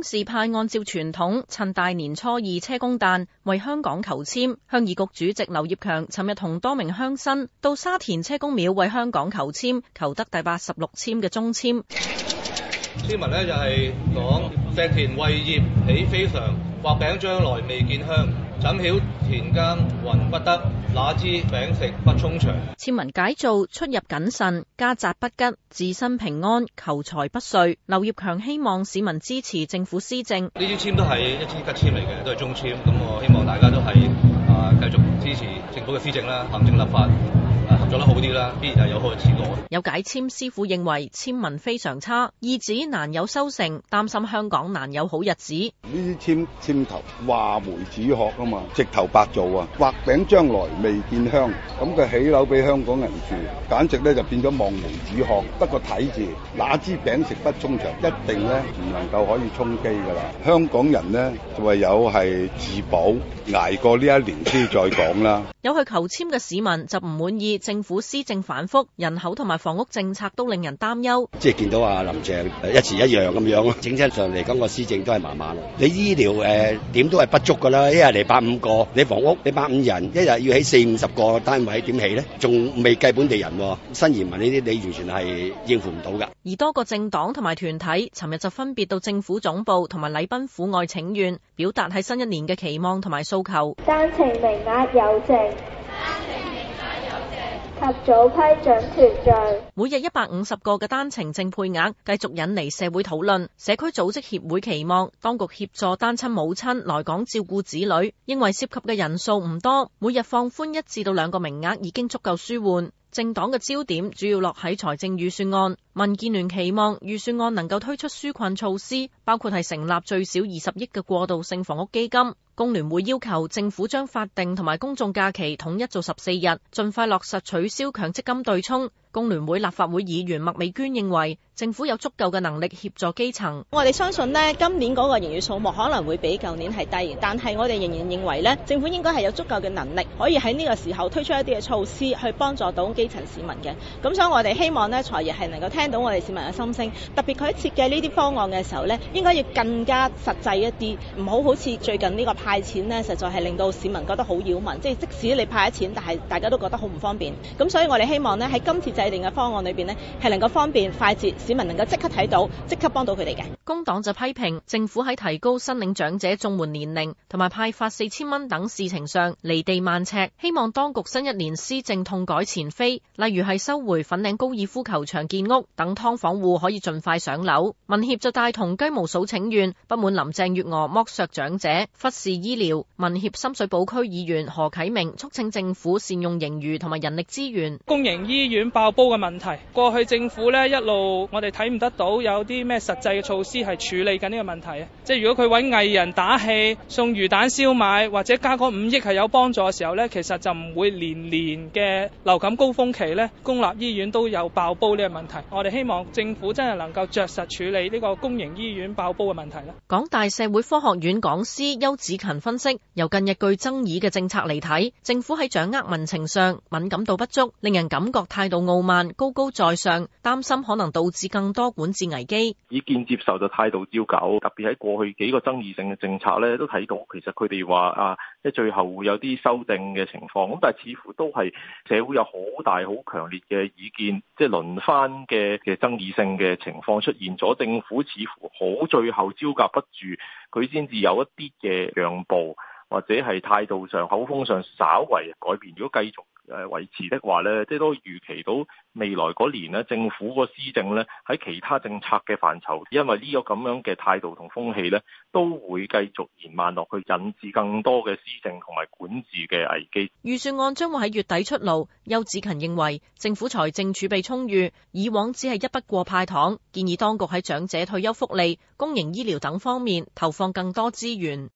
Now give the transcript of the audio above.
鄉事派按照傳統，趁大年初二車公誕為香港求簽。鄉議局主席劉業強尋日同多名鄉親到沙田車公廟為香港求簽，求得第八十六簽嘅中簽。簽文呢就係講石田為業起非常，畫餅將來未見香。怎曉田間云不得，哪知餅食不充腸。簽文解造，出入謹慎，家宅不吉，自身平安，求財不遂。劉業強希望市民支持政府施政。呢啲簽都係一啲吉簽嚟嘅，都係中簽。咁我希望大家都係啊，繼續支持政府嘅施政啦，行政立法。做得好啲啦，必然有開始攞。有解籤師傅認為簽文非常差，意指難有收成，擔心香港難有好日子。呢啲簽簽頭話梅子殼啊嘛，直頭白做啊，畫餅將來未見香。咁佢起樓俾香港人住，簡直咧就變咗望梅止渴。不過睇住哪支餅食不充場，一定咧唔能夠可以充飢㗎啦。香港人呢就係有係自保，捱過呢一年先再講啦。有去求簽嘅市民就唔滿意政。政府施政反覆人口同埋房屋政策都令人擔憂。即係見到啊林鄭一詞一樣咁樣咯，整體上嚟嗰個施政都係麻麻。你醫療誒點都係不足噶啦，一日嚟百五個，你房屋你百五人，一日要起四五十個單位點起呢？仲未計本地人、新移民呢啲，你完全係應付唔到噶而多個政黨同埋團體，尋日就分別到政府總部同埋禮賓府外請願，表達喺新一年嘅期望同埋訴求。單程名額有剩。及早批准團聚，每日一百五十個嘅單程證配額繼續引嚟社會討論。社區組織協會期望當局協助單親母親來港照顧子女，認為涉及嘅人數唔多，每日放寬一至到兩個名額已經足夠舒緩。政黨嘅焦點主要落喺財政預算案，民建聯期望預算案能夠推出紓困措施，包括係成立最少二十億嘅過渡性房屋基金。工聯會要求政府將法定同埋公眾假期統一做十四日，盡快落實取消強積金對沖。工聯會立法會議員麥美娟認為。政府有足夠嘅能力協助基層。我哋相信咧，今年嗰個營業數目可能會比舊年係低，但係我哋仍然認為咧，政府應該係有足夠嘅能力，可以喺呢個時候推出一啲嘅措施，去幫助到基層市民嘅。咁所以我哋希望咧，財爺係能夠聽到我哋市民嘅心聲，特別佢設計呢啲方案嘅時候咧，應該要更加實際一啲，唔好好似最近呢個派錢呢，實在係令到市民覺得好擾民。即係即使你派咗錢，但係大家都覺得好唔方便。咁所以我哋希望呢，喺今次制定嘅方案裏邊呢，係能夠方便、快捷、市民能夠即刻睇到，即刻幫到佢哋嘅。工黨就批評政府喺提高申領長者綜援年齡同埋派發四千蚊等事情上離地萬尺，希望當局新一年施政痛改前非，例如係收回粉嶺高爾夫球場建屋，等劏房戶可以盡快上樓。民協就帶同雞毛掃請願，不滿林鄭月娥剝削長者、忽視醫療。民協深水埗區議員何啟明促請政府善用盈餘同埋人力資源。公營醫院爆煲嘅問題，過去政府呢一路。我哋睇唔得到有啲咩實際嘅措施係處理緊呢個問題啊！即係如果佢揾藝人打氣送魚蛋燒賣或者加嗰五億係有幫助嘅時候咧，其實就唔會年年嘅流感高峰期咧，公立醫院都有爆煲呢個問題，我哋希望政府真係能夠著實處理呢個公營醫院爆煲嘅問題啦。港大社會科學院講師邱子勤分析，由近日具爭議嘅政策嚟睇，政府喺掌握民情上敏感度不足，令人感覺態度傲慢、高高在上，擔心可能導致。更多管治危機，意見接受就態度照舊，特別喺過去幾個爭議性嘅政策咧，都睇到其實佢哋話啊，即係最後會有啲修訂嘅情況，咁但係似乎都係社會有好大好強烈嘅意見，即係輪番嘅嘅爭議性嘅情況出現咗，政府似乎好最後招架不住，佢先至有一啲嘅讓步，或者係態度上口風上稍為改變，如果繼續。誒，維持的話咧，即都預期到未來嗰年咧，政府個施政呢，喺其他政策嘅範疇，因為呢個咁樣嘅態度同風氣呢，都會繼續延慢落去，引致更多嘅施政同埋管治嘅危機。預算案將會喺月底出爐。邱子勤認為政府財政儲備充裕，以往只係一筆過派糖，建議當局喺長者退休福利、公營醫療等方面投放更多資源。